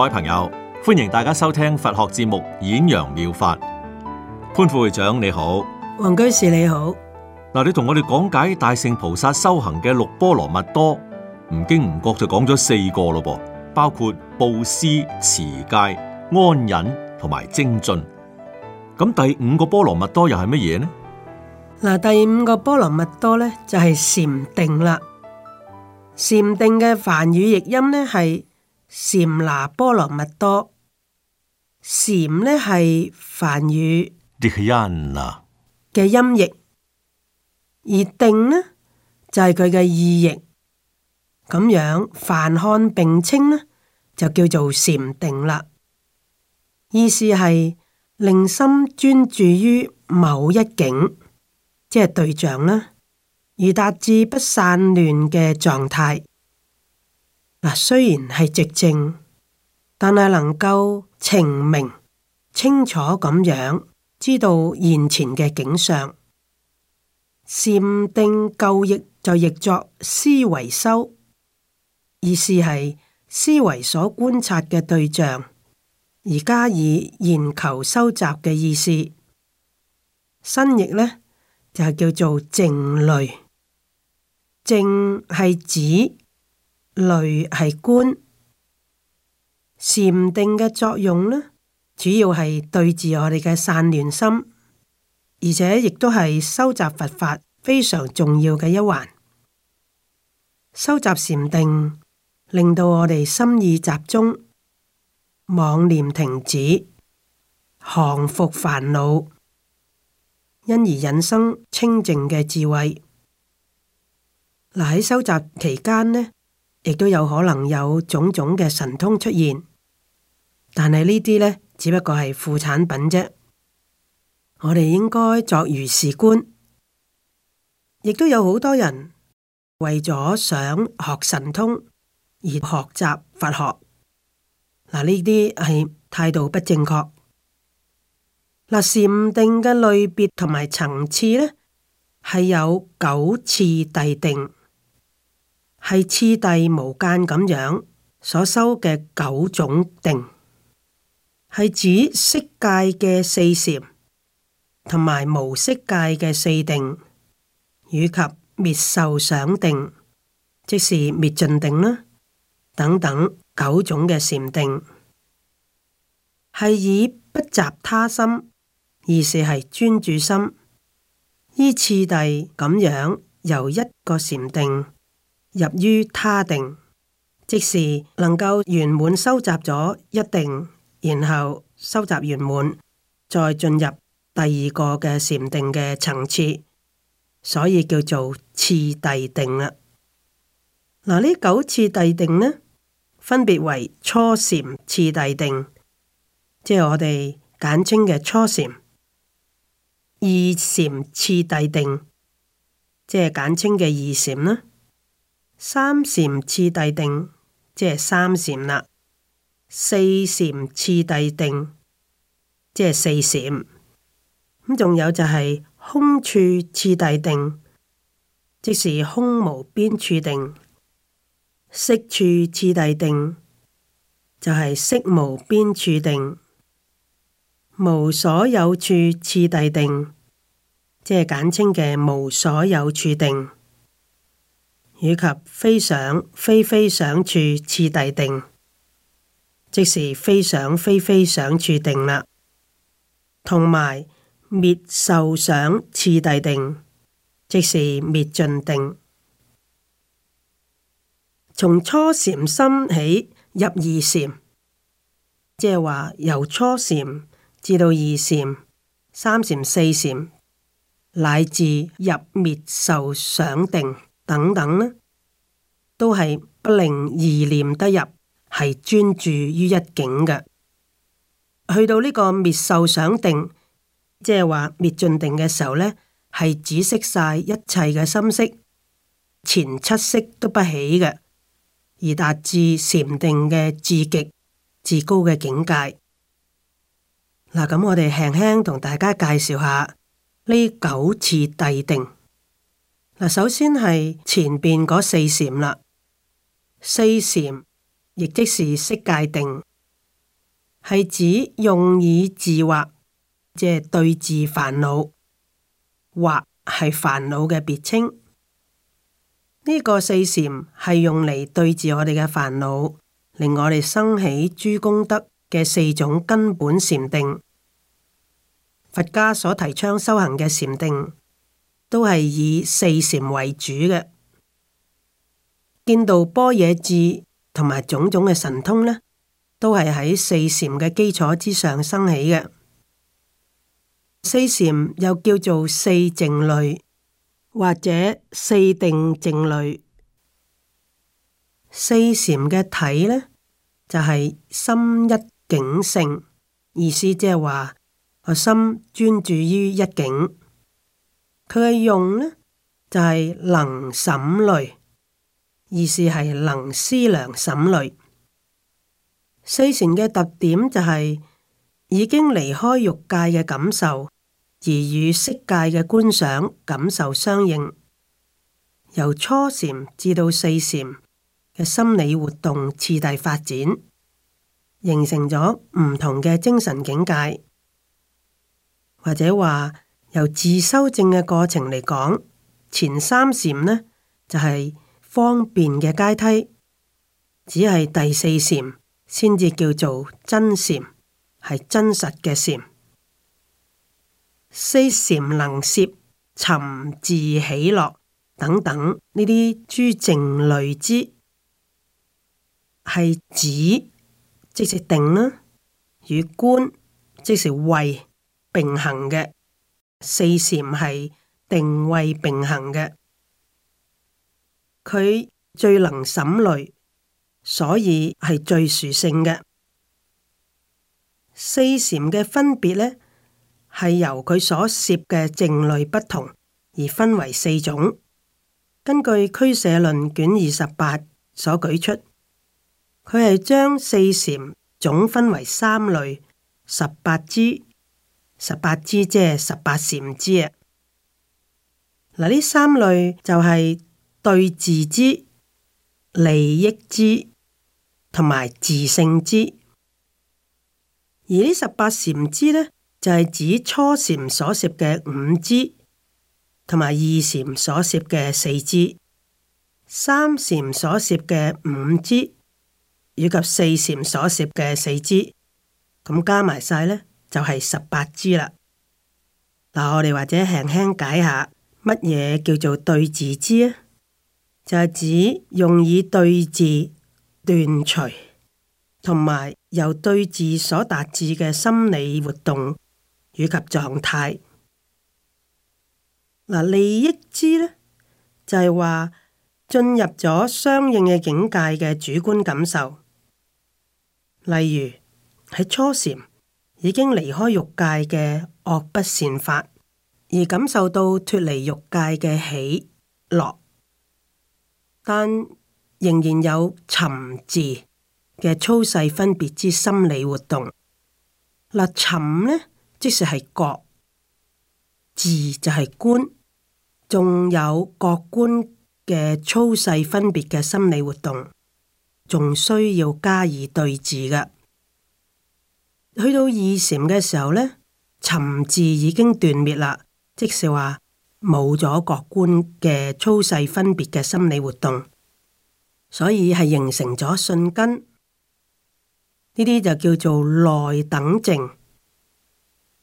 各位朋友，歡迎大家收聽佛學節目《演揚妙，妙法》。潘副會長你好，黃居士你好。嗱，你同我哋講解大乘菩薩修行嘅六波羅蜜多，唔經唔覺就講咗四個咯噃，包括布施、持戒、安忍同埋精進。咁第五個波羅蜜多又係乜嘢呢？嗱，第五個波羅蜜多咧就係禪定啦。禪定嘅梵語譯音咧係。禪那波羅蜜多，禪呢係梵語嘅音譯，而定呢就係佢嘅意譯，咁樣梵漢並稱呢就叫做禪定啦。意思係令心專注於某一境，即係對象啦，而達至不散亂嘅狀態。嗱，雖然係直正，但係能夠澄明、清楚咁樣知道現前嘅景象，禪定舊譯就譯作思維修，意思係思維所觀察嘅對象而加以研求收集嘅意思。新譯呢，就叫做靜慮，靜係指。呢係觀禪定嘅作用啦，主要係對治我哋嘅散亂心，而且亦都係修習佛法非常重要嘅一環。修習禪定，令到我哋心意集中，妄念停止，降伏煩惱，因而引生清淨嘅智慧。嗱，喺修習期間呢？亦都有可能有種種嘅神通出現，但係呢啲呢，只不過係副產品啫。我哋應該作如是觀。亦都有好多人為咗想學神通而學習佛學。嗱，呢啲係態度不正確。嗱，禪定嘅類別同埋層次呢，係有九次第定。係次第無間咁樣所修嘅九種定，係指色界嘅四禪，同埋無色界嘅四定，以及滅受想定，即是滅盡定啦，等等九種嘅禪定，係以不雜他心，意思係專注心，依次第咁樣由一個禪定。入於他定，即是能夠圓滿收集咗一定，然後收集圓滿，再進入第二個嘅禪定嘅層次，所以叫做次第定啦。嗱、啊，呢九次第定呢，分別為初禪次第定，即係我哋簡稱嘅初禪；二禪次第定，即係簡稱嘅二禪啦。三禪次第定，即係三禪啦。四禪次第定，即係四禪。咁仲有就係空處次第定，即是空無邊處定。色處次第定，就係、是、色無邊處定。無所有處次第定，即係簡稱嘅無所有處定。以及非想非非想處次第定，即是非想非非想處定啦。同埋滅受想次第定，即是滅盡定。從初禪心起入二禪，即係話由初禪至到二禪、三禪、四禪，乃至入滅受想定。等等呢都係不令意念得入，係專注於一境嘅。去到呢個滅受想定，即係話滅盡定嘅時候呢，係止息晒一切嘅心識，前七識都不起嘅，而達至禪定嘅至極至高嘅境界。嗱，咁我哋輕輕同大家介紹下呢九次第定。嗱，首先係前邊嗰四禪啦，四禪亦即是色界定，係指用以治惑，即對治煩惱，惑係煩惱嘅別稱。呢、這個四禪係用嚟對治我哋嘅煩惱，令我哋生起諸功德嘅四種根本禪定，佛家所提倡修行嘅禪定。都係以四禪為主嘅，見到般若智同埋種種嘅神通呢都係喺四禪嘅基礎之上生起嘅。四禪又叫做四靜慮或者四定靜慮。四禪嘅體呢，就係、是、心一境性，意思即係話個心專注於一境。佢嘅用呢，就係、是、能審慮，意思係能思量審慮。四禪嘅特點就係、是、已經離開欲界嘅感受，而與色界嘅觀想感受相應。由初禪至到四禪嘅心理活動次第發展，形成咗唔同嘅精神境界，或者話。由自修正嘅過程嚟講，前三禪呢就係、是、方便嘅階梯，只係第四禪先至叫做真禪，係真實嘅禪。四禪能攝尋、自喜樂等等呢啲諸靜慮之，係指即是定啦，與觀即是慧並行嘅。四禪係定位並行嘅，佢最能審慮，所以係最殊勝嘅。四禪嘅分別呢，係由佢所涉嘅靜類不同而分為四種。根據《俱舍論》卷二十八所舉出，佢係將四禪總分為三類十八支。十八支即係十八禪支啊！嗱，呢三類就係對治支、利益支同埋自性支。而呢十八禪支咧，就係指初禪所攝嘅五支，同埋二禪所攝嘅四支，三禪所攝嘅五支，以及四禪所攝嘅四支，咁加埋晒咧。就係十八支啦。嗱，我哋或者輕輕解下乜嘢叫做對治支啊？就係指用以對治斷除，同埋由對治所達至嘅心理活動以及狀態。嗱，利益支呢，就係話進入咗相應嘅境界嘅主觀感受，例如喺初禪。已經離開欲界嘅惡不善法，而感受到脫離欲界嘅喜樂，但仍然有尋字嘅粗細分別之心理活動。嗱，尋呢，即是係覺，字就係觀，仲有覺觀嘅粗細分別嘅心理活動，仲需要加以對治嘅。去到二禪嘅時候呢，尋伺已經斷滅啦，即是話冇咗覺觀嘅粗細分別嘅心理活動，所以係形成咗信根，呢啲就叫做內等淨。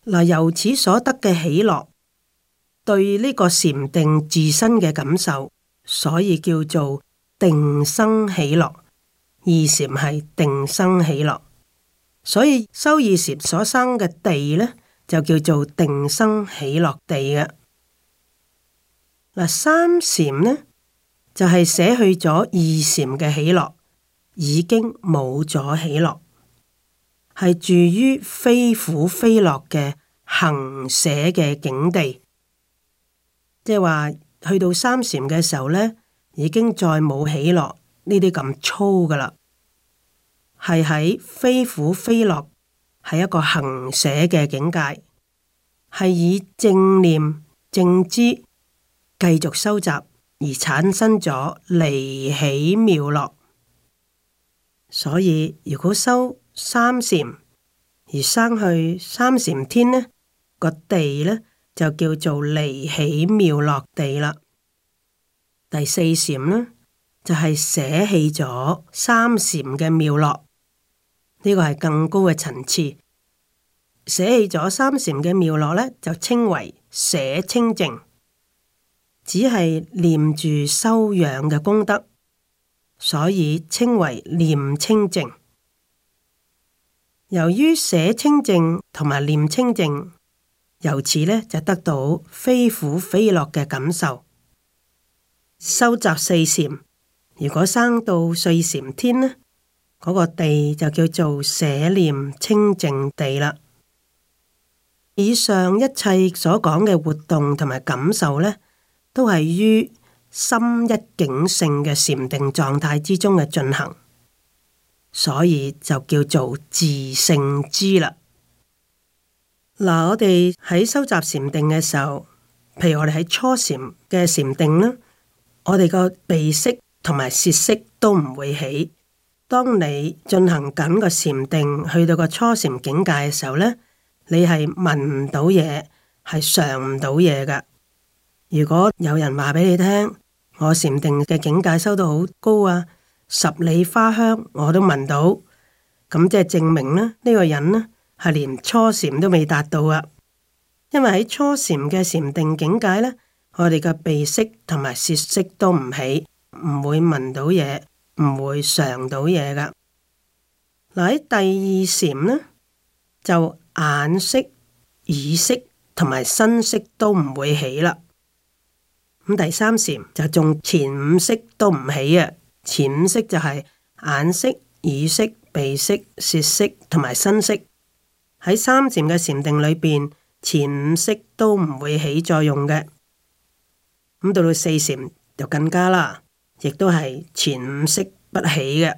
嗱，由此所得嘅喜樂，對呢個禪定自身嘅感受，所以叫做定生喜樂。二禪係定生喜樂。所以修二禪所生嘅地呢，就叫做定生喜樂地嘅。嗱，三禪呢，就係、是、捨去咗二禪嘅喜樂，已經冇咗喜樂，係住於非苦非樂嘅行捨嘅境地。即係話去到三禪嘅時候呢，已經再冇喜樂呢啲咁粗噶啦。係喺非苦非樂，係一個行捨嘅境界，係以正念正知繼續收集而產生咗離喜妙樂。所以如果收三禪而生去三禪天呢個地呢，就叫做離喜妙樂地啦。第四禪呢，就係、是、捨棄咗三禪嘅妙樂。呢個係更高嘅層次，捨棄咗三禪嘅妙樂呢就稱為捨清淨，只係念住修養嘅功德，所以稱為念清淨。由於捨清淨同埋念清淨，由此呢就得到非苦非樂嘅感受。修習四禪，如果生到四禪天呢？嗰個地就叫做捨念清淨地啦。以上一切所講嘅活動同埋感受呢，都係於心一境性嘅禪定狀態之中嘅進行，所以就叫做自性知啦。嗱，我哋喺收集禪定嘅時候，譬如我哋喺初禪嘅禪定呢，我哋個鼻識同埋舌識都唔會起。當你進行緊個禪定，去到個初禪境界嘅時候呢，你係聞唔到嘢，係嚐唔到嘢㗎。如果有人話俾你聽，我禪定嘅境界修到好高啊，十里花香我都聞到，咁即係證明咧，呢、呢個人呢，係連初禪都未達到啊。因為喺初禪嘅禪定境界呢，我哋嘅鼻識同埋舌識都唔起，唔會聞到嘢。唔會嚐到嘢噶。嗱喺第二禪呢，就眼識、耳識同埋身識都唔會起啦。咁第三禪就仲前五識都唔起啊。前五識就係眼識、耳識、鼻識、鼻識、舌識同埋身識。喺三禪嘅禪定裏邊，前五識都唔會起作用嘅。咁到到四禪就更加啦。亦都係前五識不起嘅。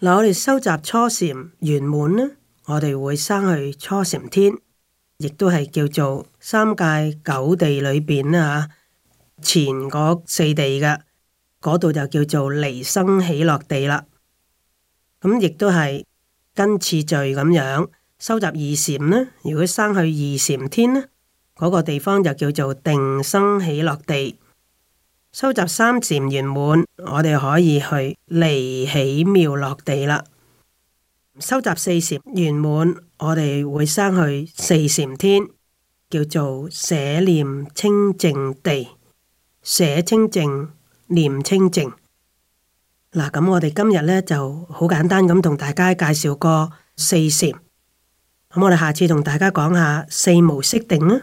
嗱，我哋收集初禪，圓滿呢，我哋會生去初禪天，亦都係叫做三界九地裏邊啦嚇，前嗰四地嘅嗰度就叫做離生喜樂地啦。咁亦都係跟次序咁樣收集二禪呢。如果生去二禪天呢，嗰、那個地方就叫做定生喜樂地。收集三禪圓滿，我哋可以去離喜妙樂地啦。收集四禪圓滿，我哋會生去四禪天，叫做捨念清淨地，捨清淨，念清淨。嗱，咁我哋今日呢就好簡單咁同大家介紹個四禪。咁我哋下次同大家講下四無色定啊。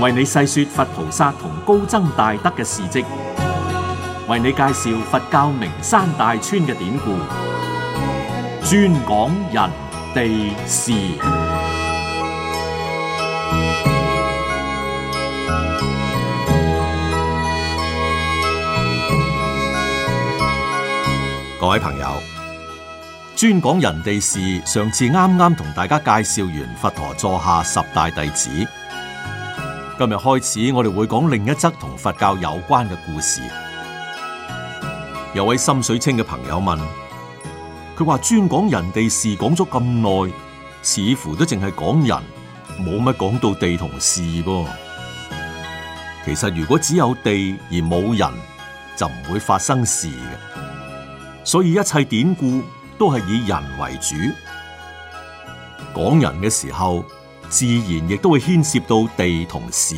為你細說佛菩薩同高僧大德嘅事跡，為你介紹佛教名山大川嘅典故，專講人地事。各位朋友，專講人地事。上次啱啱同大家介紹完佛陀座下十大弟子。今日開始，我哋會講另一則同佛教有關嘅故事。有位心水清嘅朋友問，佢話專講人哋事，講咗咁耐，似乎都淨係講人，冇乜講到地同事噃。其實如果只有地而冇人，就唔會發生事嘅。所以一切典故都係以人為主，講人嘅時候，自然亦都會牽涉到地同事，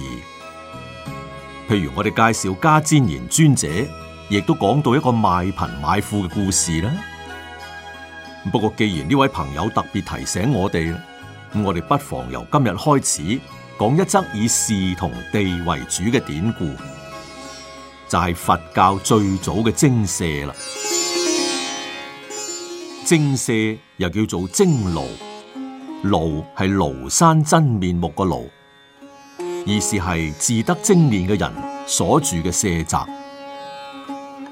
譬如我哋介紹迦旃延尊者，亦都講到一個賣貧買富嘅故事啦。不過既然呢位朋友特別提醒我哋，咁我哋不妨由今日開始講一則以事同地為主嘅典故，就係、是，佛教最早嘅精舍啦。精舍又叫做精廬。廬係廬山真面目個廬，意思係自得精練嘅人所住嘅舍宅，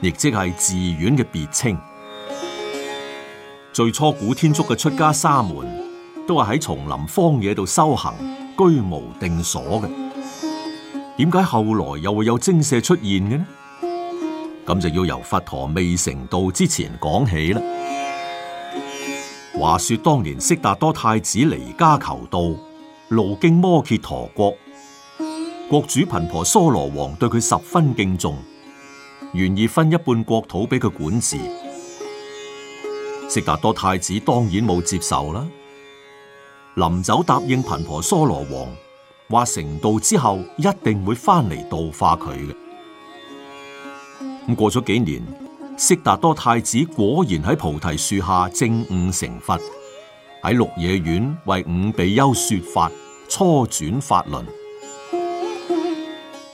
亦即係寺院嘅別稱。最初古天竺嘅出家沙門都係喺叢林荒野度修行，居無定所嘅。點解後來又會有精舍出現嘅呢？咁就要由佛陀未成道之前講起啦。話說當年悉達多太子離家求道，路經摩揭陀國，國主頻婆娑羅王對佢十分敬重，願意分一半國土俾佢管治。悉達多太子當然冇接受啦，臨走答應頻婆娑羅王，話成道之後一定會翻嚟度化佢嘅。咁過咗幾年。悉達多太子果然喺菩提樹下正悟成佛，喺鹿野苑為五比丘說法，初轉法輪，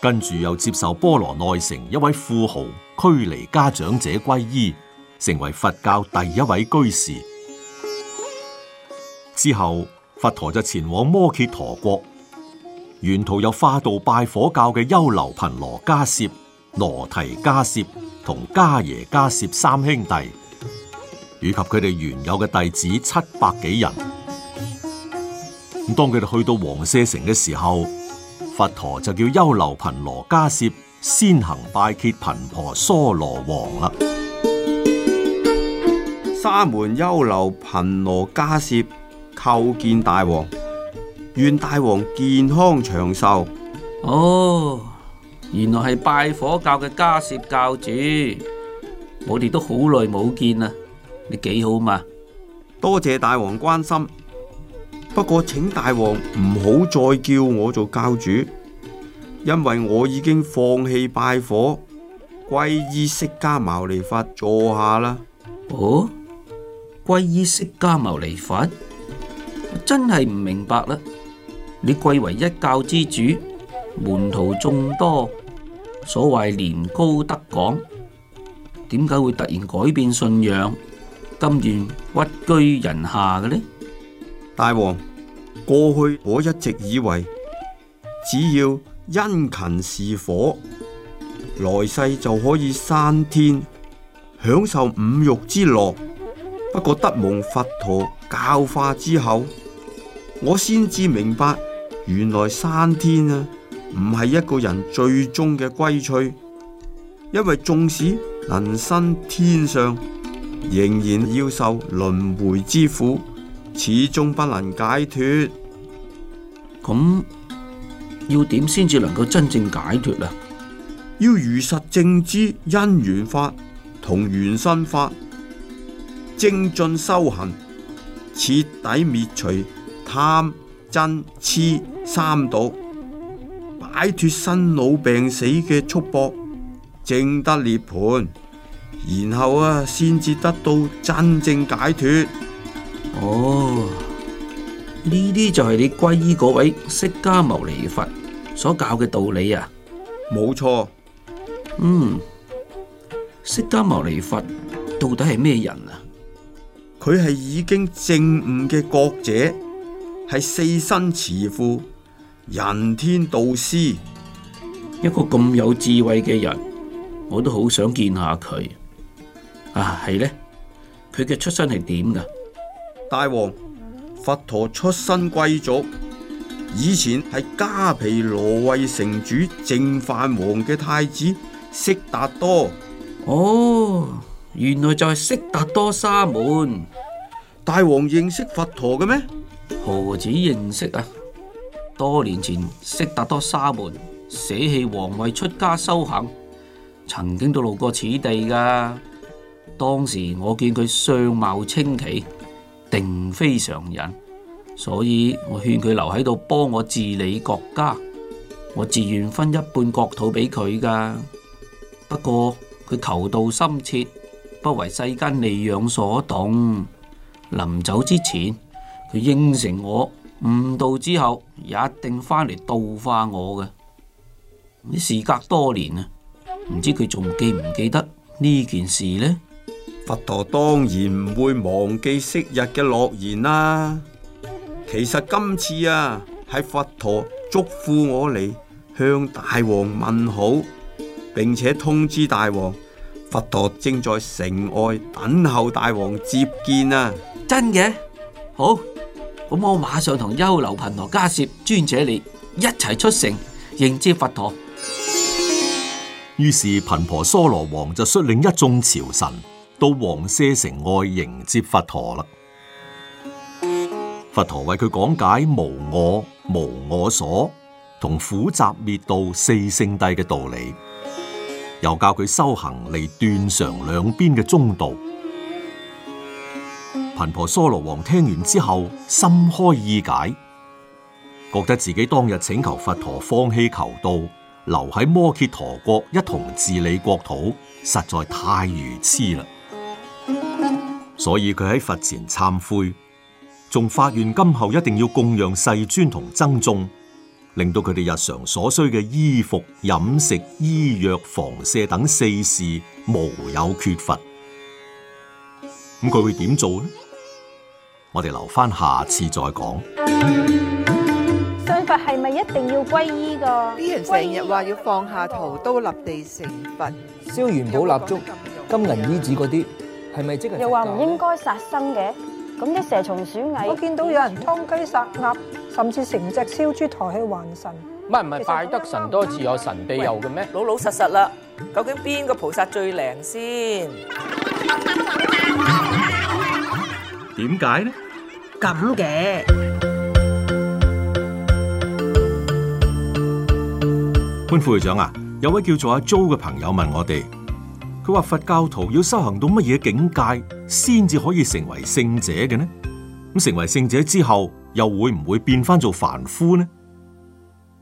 跟住又接受波羅奈城一位富豪拘離家長者歸依，成為佛教第一位居士。之後，佛陀就前往摩揭陀國，沿途有化度拜火教嘅優樓頻羅迦葉。羅提迦葉同迦耶迦葉三兄弟，以及佢哋原有嘅弟子七百幾人。咁當佢哋去到王舍城嘅時候，佛陀就叫優樓頻螺迦葉先行拜謁頻婆娑羅王啦。沙門優樓頻螺迦葉叩見大王，願大王健康長壽。哦。Oh. 原來係拜火教嘅迦葉教主，我哋都好耐冇見啦！你幾好嘛？多謝大王關心，不過請大王唔好再叫我做教主，因為我已經放棄拜火，皈依釋迦牟尼佛，坐下啦。哦，皈依釋迦牟尼佛，我真係唔明白啦！你貴為一教之主。門徒眾多，所謂年高德劭，點解會突然改變信仰，甘願屈居人下嘅呢？大王，過去我一直以為，只要殷勤事火，來世就可以生天，享受五欲之樂。不過得蒙佛陀教化之後，我先至明白，原來生天啊！唔係一個人最終嘅歸趣，因為縱使能生天上，仍然要受輪回之苦，始終不能解脫。咁要點先至能夠真正解脫啊？要如實正知因緣法同緣生法，精進修行，徹底滅除貪、嗔、癡三毒。解脫生老病死嘅束縛，正得涅盤，然後啊，先至得到真正解脫。哦，呢啲就係你皈依嗰位釋迦牟尼佛所教嘅道理啊，冇錯。嗯，釋迦牟尼佛到底係咩人啊？佢係已經證悟嘅覺者，係四身慈父。人天導師，一個咁有智慧嘅人，我都好想見下佢啊！係呢？佢嘅出身係點噶？大王，佛陀出身貴族，以前係迦毗羅衛城主淨飯王嘅太子悉達多。哦，原來就係悉達多沙門。大王認識佛陀嘅咩？何止認識啊！多年前悉達多沙門，捨棄皇位出家修行，曾經都路過此地噶。當時我見佢相貌清奇，定非常人，所以我勸佢留喺度幫我治理國家，我自願分一半國土俾佢噶。不過佢求道深切，不為世間利養所動。臨走之前，佢應承我。悟道之後一定翻嚟度化我嘅。你事隔多年啊，唔知佢仲記唔記得呢件事呢？佛陀當然唔會忘記昔日嘅諾言啦。其實今次啊，係佛陀囑咐我嚟向大王問好，並且通知大王，佛陀正在城外等候大王接見啊！真嘅，好。咁我馬上同優留貧婆家攝尊者嚟一齊出城迎接佛陀。於是貧婆娑羅王就率領一眾朝臣到王舍城外迎接佛陀啦。佛陀為佢講解無我、無我所同苦集滅道四聖諦嘅道理，又教佢修行嚟斷常兩邊嘅中道。頻婆娑羅王聽完之後心開意解，覺得自己當日請求佛陀放棄求道，留喺摩羯陀國一同治理國土，實在太愚痴啦。所以佢喺佛前懺悔，仲發願今後一定要供養世尊同僧眾，令到佢哋日常所需嘅衣服、飲食、醫藥、房舍等四事無有缺乏。咁佢會點做呢？我哋留翻下次再講。信佛係咪一定要皈依噶？啲人成日話要放下屠刀立地成佛，燒元寶蠟燭、金銀衣紙嗰啲，係咪即係？又話唔應該殺生嘅，咁啲蛇蟲鼠蟻，我見到有人殺雞殺鴨，甚至成隻燒豬抬去還神。唔係唔係，拜得神多自有神庇佑嘅咩？老老實實啦，究竟邊個菩薩最靈先？點解呢？咁嘅，潘副會長啊，有位叫做阿 Joe 嘅朋友問我哋，佢話佛教徒要修行到乜嘢境界先至可以成為聖者嘅呢？咁成為聖者之後，又會唔會變翻做凡夫呢？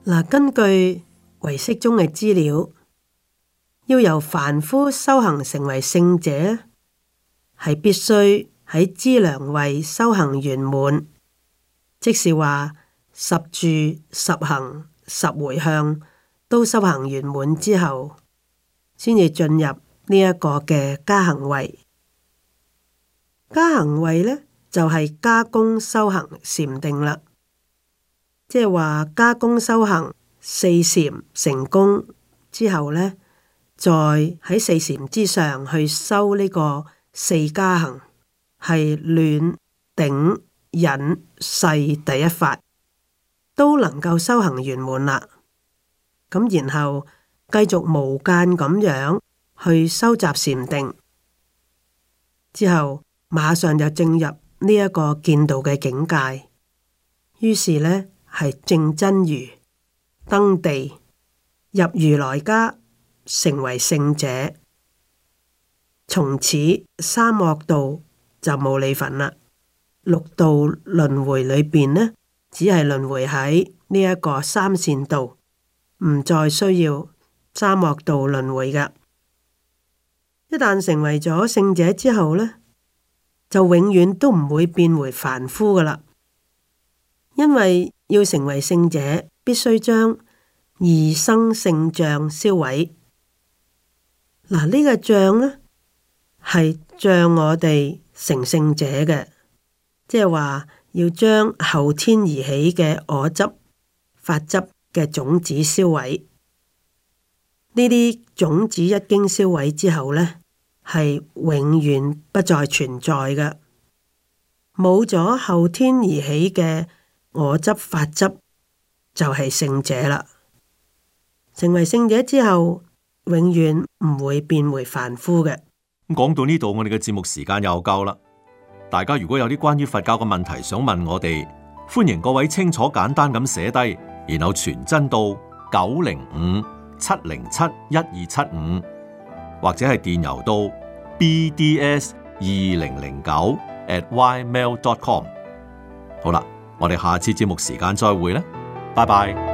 嗱，根據唯識中嘅資料，要由凡夫修行成為聖者，係必須。喺資糧位修行圓滿，即是話十住、十行、十回向都修行圓滿之後，先至進入呢一個嘅加行位。加行位呢，就係、是、加功修行禪定啦，即係話加功修行四禪成功之後呢，再喺四禪之上去修呢個四加行。係暖頂忍世第一法都能夠修行圓滿啦，咁然後繼續無間咁樣去收集禪定，之後馬上就進入呢一個見道嘅境界，於是呢，係證真如登地入如來家成為聖者，從此三惡道。就冇你份啦！六道輪迴裏邊呢，只係輪迴喺呢一個三善道，唔再需要三惡道輪迴噶。一旦成為咗聖者之後呢，就永遠都唔會變回凡夫噶啦。因為要成為聖者，必須將異生性障銷毀。嗱，呢、這個障呢，係障我哋。成聖者嘅，即係話要將後天而起嘅我執、法執嘅種子銷毀。呢啲種子一經銷毀之後呢，係永遠不再存在嘅。冇咗後天而起嘅我執、法執，就係聖者啦。成為聖者之後，永遠唔會變回凡夫嘅。咁講到呢度，我哋嘅節目時間又夠啦。大家如果有啲關於佛教嘅問題想問我哋，歡迎各位清楚簡單咁寫低，然後傳真到九零五七零七一二七五，75，或者係電郵到 bds 二零零九 @ymail.com。好啦，我哋下次節目時間再會啦，拜拜。